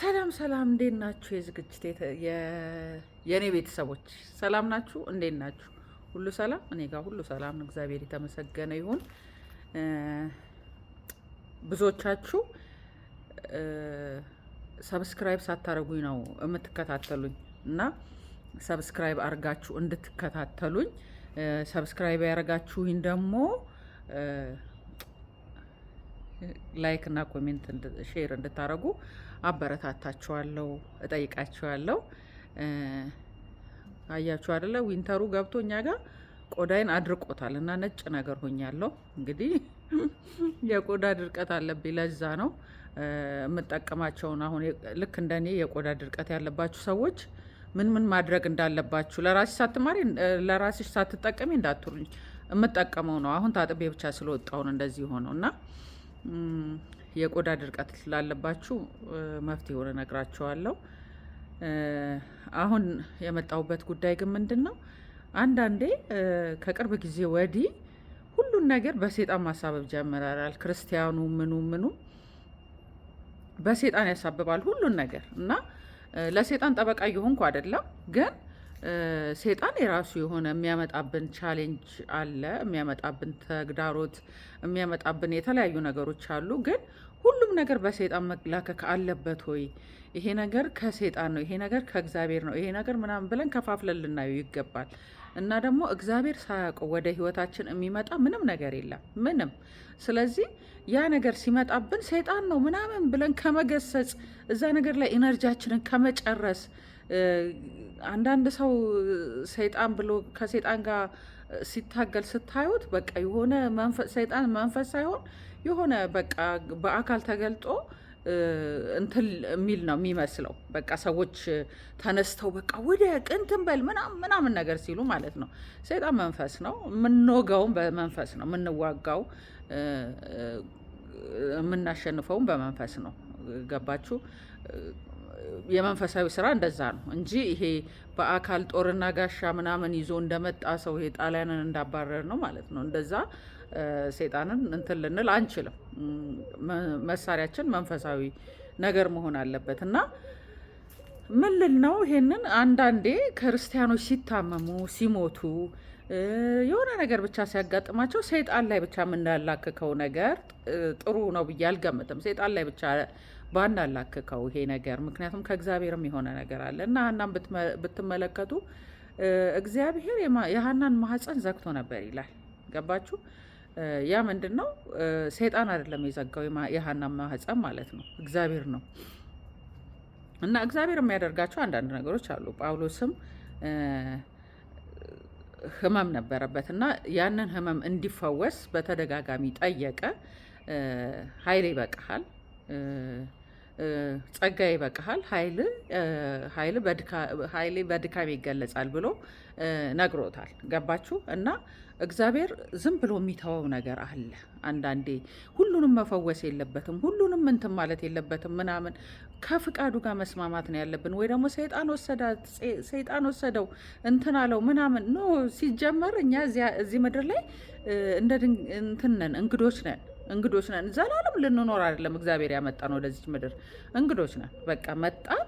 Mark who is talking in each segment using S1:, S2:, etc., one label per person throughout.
S1: ሰላም ሰላም፣ እንዴት ናችሁ? የዝግጅት የእኔ ቤተሰቦች ሰላም ናችሁ? እንዴት ናችሁ? ሁሉ ሰላም? እኔ ጋር ሁሉ ሰላም፣ እግዚአብሔር የተመሰገነ ይሁን። ብዙዎቻችሁ ሰብስክራይብ ሳታረጉኝ ነው የምትከታተሉኝ እና ሰብስክራይብ አርጋችሁ እንድትከታተሉኝ ሰብስክራይብ ያረጋችሁኝ ደግሞ ላይክ እና ኮሜንት ሼር እንድታደርጉ አበረታታችኋለሁ፣ እጠይቃችኋለሁ። አያችሁ አይደለ? ዊንተሩ ገብቶ እኛ ጋር ቆዳይን አድርቆታል እና ነጭ ነገር ሆኛለሁ። እንግዲህ የቆዳ ድርቀት አለብኝ፣ ለዛ ነው የምጠቀማቸውን። አሁን ልክ እንደኔ የቆዳ ድርቀት ያለባችሁ ሰዎች ምን ምን ማድረግ እንዳለባችሁ ለራሴ ሳትማሪ ለራሴ ሳትጠቀሚ እንዳትሩኝ። የምጠቀመው ነው አሁን ታጥቤ ብቻ ስለወጣውን እንደዚህ ሆነው እና የቆዳ ድርቀት ስላለባችሁ መፍትሄውን እነግራችኋለሁ። አሁን የመጣሁበት ጉዳይ ግን ምንድን ነው? አንዳንዴ ከቅርብ ጊዜ ወዲህ ሁሉን ነገር በሴጣን ማሳበብ ጀምራል። ክርስቲያኑ ምኑ ምኑ በሴጣን ያሳብባል ሁሉን ነገር እና ለሴጣን ጠበቃ እየሆንኩ አይደለም ግን ሴጣን የራሱ የሆነ የሚያመጣብን ቻሌንጅ አለ፣ የሚያመጣብን ተግዳሮት፣ የሚያመጣብን የተለያዩ ነገሮች አሉ። ግን ሁሉም ነገር በሴጣን መላከክ አለበት ወይ? ይሄ ነገር ከሴጣን ነው፣ ይሄ ነገር ከእግዚአብሔር ነው፣ ይሄ ነገር ምናምን ብለን ከፋፍለን ልናየው ይገባል። እና ደግሞ እግዚአብሔር ሳያውቀው ወደ ህይወታችን የሚመጣ ምንም ነገር የለም ምንም። ስለዚህ ያ ነገር ሲመጣብን ሴጣን ነው ምናምን ብለን ከመገሰጽ እዛ ነገር ላይ ኢነርጂያችንን ከመጨረስ አንዳንድ ሰው ሰይጣን ብሎ ከሰይጣን ጋር ሲታገል ስታዩት በቃ የሆነ ሰይጣን መንፈስ ሳይሆን የሆነ በቃ በአካል ተገልጦ እንትን የሚል ነው የሚመስለው። በቃ ሰዎች ተነስተው በቃ ወደ ቅንትን በል ምናምን ነገር ሲሉ ማለት ነው። ሰይጣን መንፈስ ነው። የምንወጋውም በመንፈስ ነው። የምንዋጋው የምናሸንፈውም በመንፈስ ነው። ገባችሁ? የመንፈሳዊ ስራ እንደዛ ነው እንጂ ይሄ በአካል ጦርና ጋሻ ምናምን ይዞ እንደመጣ ሰው ይሄ ጣሊያንን እንዳባረር ነው ማለት ነው። እንደዛ ሴጣንን እንትን ልንል አንችልም። መሳሪያችን መንፈሳዊ ነገር መሆን አለበት እና ምን ልል ነው ይሄንን አንዳንዴ ክርስቲያኖች ሲታመሙ ሲሞቱ የሆነ ነገር ብቻ ሲያጋጥማቸው ሰይጣን ላይ ብቻ የምናላክከው ነገር ጥሩ ነው ብዬ አልገምትም። ሰይጣን ላይ ብቻ በአንድ አላክከው ይሄ ነገር ምክንያቱም ከእግዚአብሔርም የሆነ ነገር አለ እና ሀናን ብትመለከቱ እግዚአብሔር የሀናን ማህፀን ዘግቶ ነበር ይላል። ገባችሁ? ያ ምንድን ነው? ሰይጣን አይደለም የዘጋው የሀናን ማህፀን ማለት ነው፣ እግዚአብሔር ነው። እና እግዚአብሔር የሚያደርጋቸው አንዳንድ ነገሮች አሉ። ጳውሎስም ህመም ነበረበት እና ያንን ህመም እንዲፈወስ በተደጋጋሚ ጠየቀ። ኃይል ይበቃሃል ጸጋ ይበቃሃል፣ ኃይሌ በድካም ይገለጻል ብሎ ነግሮታል። ገባችሁ? እና እግዚአብሔር ዝም ብሎ የሚተወው ነገር አለ። አንዳንዴ ሁሉንም መፈወስ የለበትም፣ ሁሉንም እንትን ማለት የለበትም ምናምን። ከፍቃዱ ጋር መስማማት ነው ያለብን። ወይ ደግሞ ሰይጣን ወሰደው እንትን አለው ምናምን ኖ ሲጀመር እኛ እዚህ ምድር ላይ እንትን ነን፣ እንግዶች ነን እንግዶች ነን። ዘላለም ልንኖር አይደለም። እግዚአብሔር ያመጣን ወደዚች ምድር እንግዶች ነን። በቃ መጣን።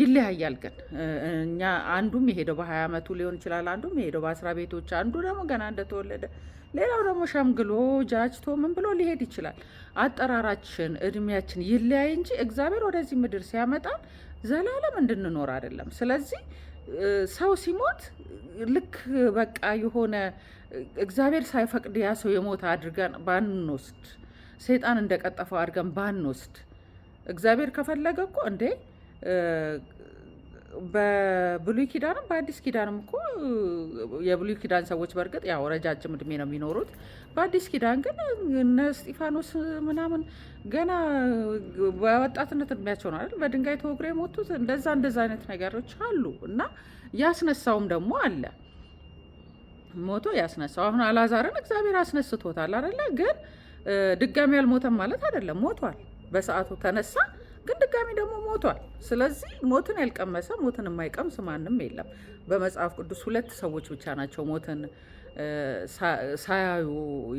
S1: ይለያያል ግን እኛ አንዱም የሄደው በሀያ አመቱ ሊሆን ይችላል። አንዱም የሄደው በአስራ ቤቶች፣ አንዱ ደግሞ ገና እንደተወለደ፣ ሌላው ደግሞ ሸምግሎ ጃጅቶ ምን ብሎ ሊሄድ ይችላል። አጠራራችን፣ እድሜያችን ይለያይ እንጂ እግዚአብሔር ወደዚህ ምድር ሲያመጣን ዘላለም እንድንኖር አይደለም። ስለዚህ ሰው ሲሞት ልክ በቃ የሆነ እግዚአብሔር ሳይፈቅድ ያ ሰው የሞተ አድርገን ባንወስድ፣ ሰይጣን እንደቀጠፈው አድርገን ባንወስድ፣ እግዚአብሔር ከፈለገ እኮ እንዴ በብሉይ ኪዳንም በአዲስ ኪዳንም እኮ የብሉይ ኪዳን ሰዎች በእርግጥ ያው ረጃጅም እድሜ ነው የሚኖሩት። በአዲስ ኪዳን ግን እነ እስጢፋኖስ ምናምን ገና በወጣትነት እድሜያቸው ነው አይደል በድንጋይ ተወግረው የሞቱት። እንደዛ እንደዛ አይነት ነገሮች አሉ እና ያስነሳውም ደግሞ አለ ሞቶ ያስነሳው። አሁን አላዛርን እግዚአብሔር አስነስቶታል አይደለ? ግን ድጋሚ አልሞተም ማለት አይደለም፣ ሞቷል። በሰዓቱ ተነሳ፣ ግን ድጋሚ ደግሞ ሞቷል። ስለዚህ ሞትን ያልቀመሰ ሞትን የማይቀምስ ማንም የለም። በመጽሐፍ ቅዱስ ሁለት ሰዎች ብቻ ናቸው ሞትን ሳያዩ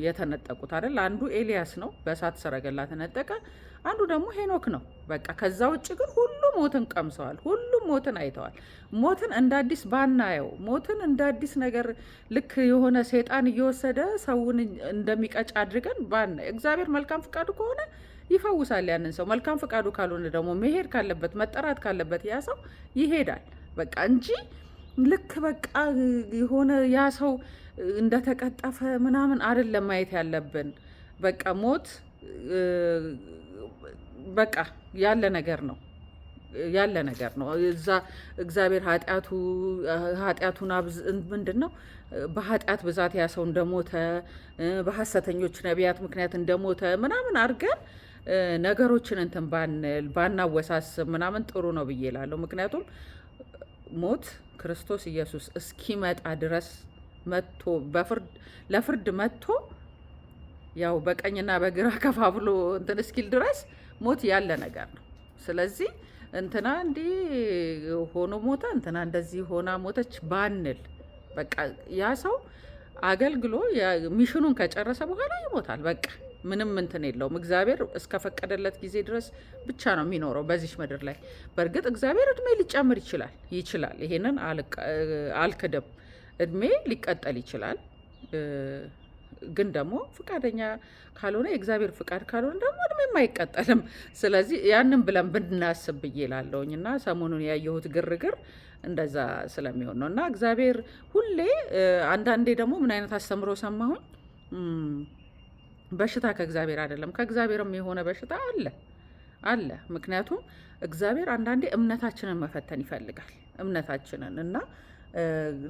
S1: የተነጠቁት አይደል? አንዱ ኤልያስ ነው፣ በእሳት ሰረገላ ተነጠቀ። አንዱ ደግሞ ሄኖክ ነው። በቃ ከዛ ውጭ ግን ሁሉ ሞትን ቀምሰዋል። ሁሉ ሞትን አይተዋል። ሞትን እንደ አዲስ ባናየው፣ ሞትን እንደ አዲስ ነገር ልክ የሆነ ሰይጣን እየወሰደ ሰውን እንደሚቀጭ አድርገን ባና እግዚአብሔር መልካም ፍቃዱ ከሆነ ይፈውሳል ያንን ሰው። መልካም ፍቃዱ ካልሆነ ደግሞ መሄድ ካለበት መጠራት ካለበት ያ ሰው ይሄዳል በቃ እንጂ ልክ በቃ የሆነ ያ ሰው እንደተቀጠፈ ምናምን አይደለም ማየት ያለብን። በቃ ሞት በቃ ያለ ነገር ነው። ያለ ነገር ነው። እዛ እግዚአብሔር ኃጢአቱን ምንድን ነው በኃጢአት ብዛት ያ ሰው እንደሞተ በሐሰተኞች ነቢያት ምክንያት እንደሞተ ምናምን አድርገን ነገሮችን እንትን ባንል ባናወሳስብ ምናምን ጥሩ ነው ብዬ እላለሁ። ምክንያቱም ሞት ክርስቶስ ኢየሱስ እስኪመጣ ድረስ መጥቶ ለፍርድ መጥቶ ያው በቀኝና በግራ ከፋፍሎ እንትን እስኪል ድረስ ሞት ያለ ነገር ነው። ስለዚህ እንትና እንዲህ ሆኖ ሞተ፣ እንትና እንደዚህ ሆና ሞተች ባንል በቃ ያ ሰው አገልግሎ ሚሽኑን ከጨረሰ በኋላ ይሞታል። በቃ ምንም እንትን የለውም። እግዚአብሔር እስከፈቀደለት ጊዜ ድረስ ብቻ ነው የሚኖረው በዚች ምድር ላይ። በእርግጥ እግዚአብሔር እድሜ ሊጨምር ይችላል ይችላል። ይሄንን አልክድም። እድሜ ሊቀጠል ይችላል። ግን ደግሞ ፍቃደኛ ካልሆነ የእግዚአብሔር ፍቃድ ካልሆነ ደግሞ እድሜም አይቀጠልም። ስለዚህ ያንን ብለን ብናስብ ብዬ ላለውኝ እና ሰሞኑን ያየሁት ግርግር እንደዛ ስለሚሆን ነው እና እግዚአብሔር ሁሌ አንዳንዴ ደግሞ ምን አይነት አስተምሮ ሰማሁኝ። በሽታ ከእግዚአብሔር አይደለም፣ ከእግዚአብሔርም የሆነ በሽታ አለ አለ። ምክንያቱም እግዚአብሔር አንዳንዴ እምነታችንን መፈተን ይፈልጋል እምነታችንን እና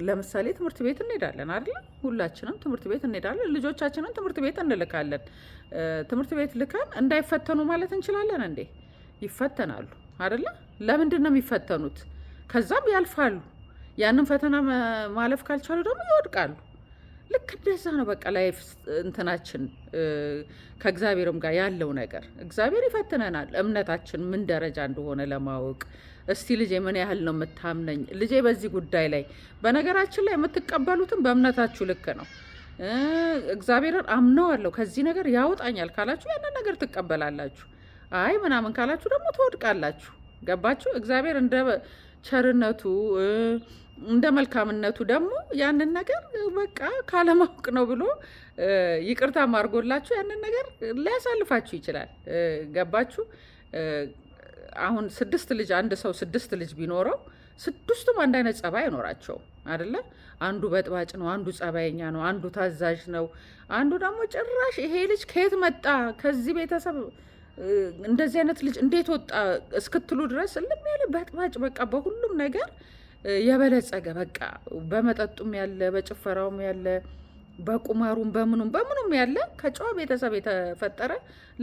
S1: ለምሳሌ ትምህርት ቤት እንሄዳለን አይደለ? ሁላችንም ትምህርት ቤት እንሄዳለን። ልጆቻችንን ትምህርት ቤት እንልካለን። ትምህርት ቤት ልከን እንዳይፈተኑ ማለት እንችላለን እንዴ? ይፈተናሉ አይደለ? ለምንድን ነው የሚፈተኑት? ከዛም ያልፋሉ። ያንን ፈተና ማለፍ ካልቻሉ ደግሞ ይወድቃሉ። ልክ እንደዛ ነው። በቃ ላይፍ እንትናችን ከእግዚአብሔርም ጋር ያለው ነገር እግዚአብሔር ይፈትነናል። እምነታችን ምን ደረጃ እንደሆነ ለማወቅ እስቲ ልጄ ምን ያህል ነው የምታምነኝ ልጄ በዚህ ጉዳይ ላይ በነገራችን ላይ የምትቀበሉትም በእምነታችሁ ልክ ነው። እግዚአብሔርን አምነዋለሁ ከዚህ ነገር ያወጣኛል ካላችሁ ያንን ነገር ትቀበላላችሁ። አይ ምናምን ካላችሁ ደግሞ ትወድቃላችሁ። ገባችሁ? እግዚአብሔር እንደ ቸርነቱ እንደ መልካምነቱ ደግሞ ያንን ነገር በቃ ካለማወቅ ነው ብሎ ይቅርታ ማርጎላችሁ ያንን ነገር ሊያሳልፋችሁ ይችላል። ገባችሁ? አሁን ስድስት ልጅ አንድ ሰው ስድስት ልጅ ቢኖረው ስድስቱም አንድ አይነት ጸባይ አይኖራቸውም አደለ? አንዱ በጥባጭ ነው፣ አንዱ ጸባይኛ ነው፣ አንዱ ታዛዥ ነው፣ አንዱ ደግሞ ጭራሽ ይሄ ልጅ ከየት መጣ ከዚህ ቤተሰብ እንደዚህ አይነት ልጅ እንዴት ወጣ እስክትሉ ድረስ ልም ያለ በጥባጭ በቃ በሁሉም ነገር የበለጸገ በቃ በመጠጡም ያለ በጭፈራውም ያለ በቁማሩም በምኑም በምኑም ያለ ከጨዋ ቤተሰብ የተፈጠረ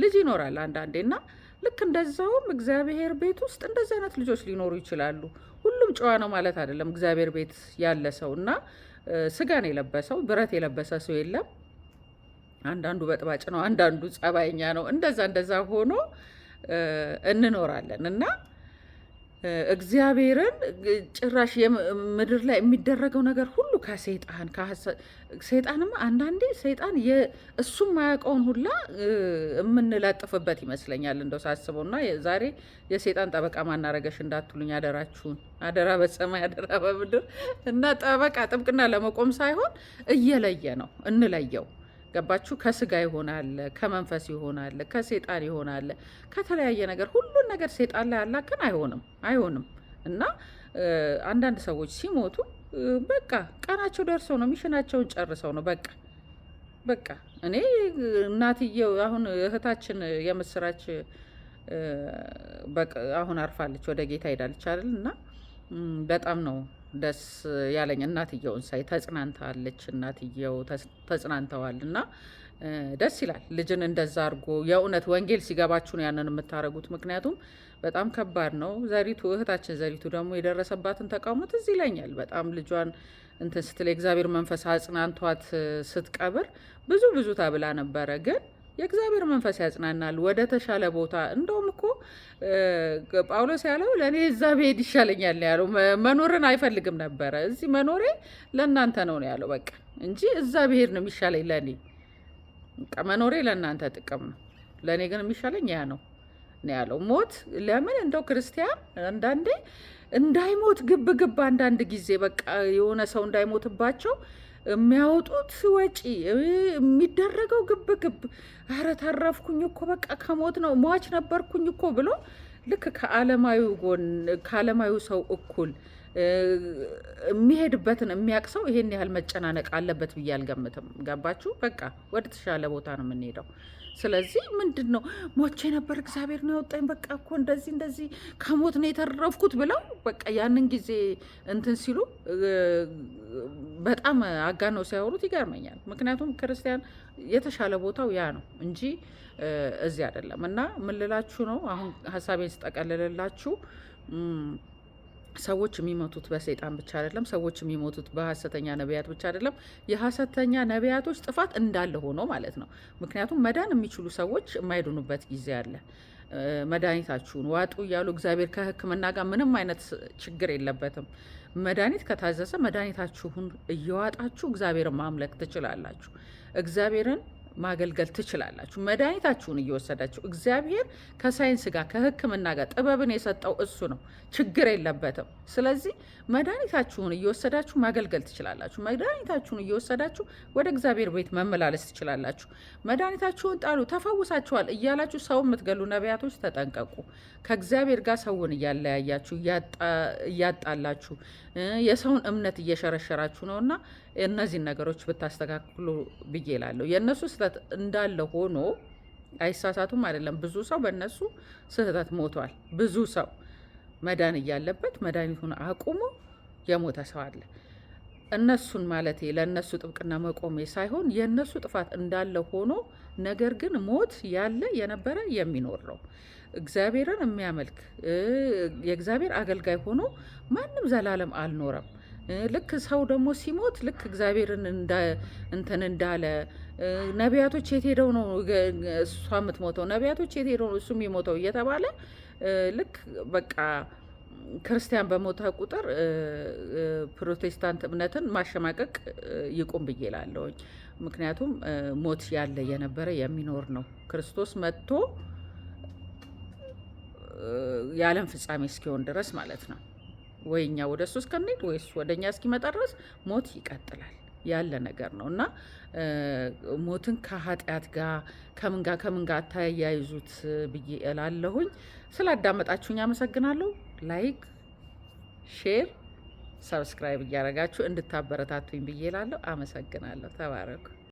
S1: ልጅ ይኖራል አንዳንዴ እና ልክ እንደዛውም እግዚአብሔር ቤት ውስጥ እንደዚህ አይነት ልጆች ሊኖሩ ይችላሉ። ሁሉም ጨዋ ነው ማለት አይደለም። እግዚአብሔር ቤት ያለ ሰው እና ስጋን የለበሰው ብረት የለበሰ ሰው የለም። አንዳንዱ በጥባጭ ነው፣ አንዳንዱ ጸባይኛ ነው። እንደዛ እንደዛ ሆኖ እንኖራለን እና እግዚአብሔርን ጭራሽ ምድር ላይ የሚደረገው ነገር ሁሉ ከሰይጣን ሰይጣንማ አንዳንዴ ሰይጣን እሱም ማያውቀውን ሁላ የምንለጥፍበት ይመስለኛል እንደው ሳስበው እና ዛሬ የሰይጣን ጠበቃ ማናረገሽ እንዳትሉኝ አደራችሁን፣ አደራ በሰማይ አደራ በምድር እና ጠበቃ ጥብቅና ለመቆም ሳይሆን እየለየ ነው እንለየው ገባችሁ? ከስጋ ይሆናል፣ ከመንፈስ ይሆናል፣ ከሴጣን ይሆናል፣ ከተለያየ ነገር ሁሉን ነገር ሴጣን ላይ አላከን። አይሆንም አይሆንም። እና አንዳንድ ሰዎች ሲሞቱ በቃ ቀናቸው ደርሰው ነው ሚሽናቸውን ጨርሰው ነው በቃ በቃ እኔ እናትየው አሁን እህታችን የምስራች አሁን አርፋለች፣ ወደ ጌታ ሄዳለች አይደል? እና በጣም ነው ደስ ያለኝ እናትየውን ሳይ ተጽናንታለች። እናትየው ተጽናንተዋል እና ደስ ይላል። ልጅን እንደዛ አድርጎ የእውነት ወንጌል ሲገባችሁ ነው ያንን የምታደርጉት። ምክንያቱም በጣም ከባድ ነው። ዘሪቱ እህታችን ዘሪቱ ደግሞ የደረሰባትን ተቃውሞ ትዝ ይለኛል። በጣም ልጇን እንትን ስትል እግዚአብሔር መንፈስ አጽናንቷት ስትቀብር ብዙ ብዙ ተብላ ነበረ ግን የእግዚአብሔር መንፈስ ያጽናናል ወደ ተሻለ ቦታ። እንደውም እኮ ጳውሎስ ያለው ለእኔ እዛ ብሄድ ይሻለኛል ያለው መኖርን አይፈልግም ነበረ። እዚህ መኖሬ ለእናንተ ነው ነው ያለው በቃ እንጂ እዛ ብሄድ ነው የሚሻለኝ ለእኔ መኖሬ ለእናንተ ጥቅም ነው፣ ለእኔ ግን የሚሻለኝ ያ ነው። ነው ያለው። ሞት ለምን እንደው ክርስቲያን አንዳንዴ እንዳይሞት ግብ ግብ አንዳንድ ጊዜ በቃ የሆነ ሰው እንዳይሞትባቸው የሚያወጡት ወጪ የሚደረገው ግብ ግብ፣ አረ ታረፍኩኝ እኮ በቃ ከሞት ነው ሟች ነበርኩኝ እኮ ብሎ ልክ ከዓለማዊ ጎን ከዓለማዊ ሰው እኩል የሚሄድበትን የሚያቅሰው ይሄን ያህል መጨናነቅ አለበት ብዬ አልገምትም። ገባችሁ? በቃ ወደ ተሻለ ቦታ ነው የምንሄደው። ስለዚህ ምንድን ነው ሞቼ ነበር፣ እግዚአብሔር ነው ያወጣኝ፣ በቃ እኮ እንደዚህ እንደዚህ ከሞት ነው የተረፍኩት ብለው በቃ ያንን ጊዜ እንትን ሲሉ በጣም ነው ሲያወሩት ይገርመኛል። ምክንያቱም ክርስቲያን የተሻለ ቦታው ያ ነው እንጂ እዚህ አይደለም። እና ምልላችሁ ነው አሁን ሀሳቤን ስጠቀልልላችሁ ሰዎች የሚሞቱት በሰይጣን ብቻ አይደለም። ሰዎች የሚሞቱት በሀሰተኛ ነቢያት ብቻ አይደለም። የሀሰተኛ ነቢያቶች ጥፋት እንዳለ ሆኖ ማለት ነው። ምክንያቱም መዳን የሚችሉ ሰዎች የማይድኑበት ጊዜ አለ። መድኃኒታችሁን ዋጡ እያሉ እግዚአብሔር ከሕክምና ጋር ምንም አይነት ችግር የለበትም። መድኃኒት ከታዘዘ መድኃኒታችሁን እየዋጣችሁ እግዚአብሔርን ማምለክ ትችላላችሁ። እግዚአብሔርን ማገልገል ትችላላችሁ። መድኃኒታችሁን እየወሰዳችሁ እግዚአብሔር ከሳይንስ ጋር ከሕክምና ጋር ጥበብን የሰጠው እሱ ነው። ችግር የለበትም። ስለዚህ መድኃኒታችሁን እየወሰዳችሁ ማገልገል ትችላላችሁ። መድኃኒታችሁን እየወሰዳችሁ ወደ እግዚአብሔር ቤት መመላለስ ትችላላችሁ። መድኃኒታችሁን ጣሉ፣ ተፈውሳችኋል እያላችሁ ሰው የምትገሉ ነቢያቶች ተጠንቀቁ። ከእግዚአብሔር ጋር ሰውን እያለያያችሁ እያጣላችሁ የሰውን እምነት እየሸረሸራችሁ ነውና እነዚህን ነገሮች ብታስተካክሉ ብዬ እላለሁ። የእነሱ ስህተት እንዳለ ሆኖ አይሳሳቱም አይደለም። ብዙ ሰው በእነሱ ስህተት ሞቷል። ብዙ ሰው መዳን እያለበት መድኃኒቱን አቁሞ የሞተ ሰው አለ። እነሱን ማለት ለእነሱ ጥብቅና መቆሜ ሳይሆን የእነሱ ጥፋት እንዳለ ሆኖ ነገር ግን ሞት ያለ የነበረ የሚኖር ነው። እግዚአብሔርን የሚያመልክ የእግዚአብሔር አገልጋይ ሆኖ ማንም ዘላለም አልኖረም። ልክ ሰው ደግሞ ሲሞት ልክ እግዚአብሔርን እንትን እንዳለ ነቢያቶች የት ሄደው ነው እሷ የምትሞተው? ነቢያቶች የት ሄደው ነው እሱ የሚሞተው? እየተባለ ልክ በቃ ክርስቲያን በሞተ ቁጥር ፕሮቴስታንት እምነትን ማሸማቀቅ ይቁም ብዬ እላለሁኝ። ምክንያቱም ሞት ያለ የነበረ የሚኖር ነው። ክርስቶስ መጥቶ የዓለም ፍጻሜ እስኪሆን ድረስ ማለት ነው። ወይ እኛ ወደ እሱ እስከንሄድ ወይ እሱ ወደ እኛ እስኪመጣ ድረስ ሞት ይቀጥላል ያለ ነገር ነው እና ሞትን ከኃጢአት ጋር ከምን ጋር ከምን ጋር አታያይዙት ብዬ እላለሁኝ። ስላዳመጣችሁኝ አመሰግናለሁ። ላይክ፣ ሼር፣ ሰብስክራይብ እያደረጋችሁ እንድታበረታቱኝ ብዬ እላለሁ። አመሰግናለሁ። ተባረኩ።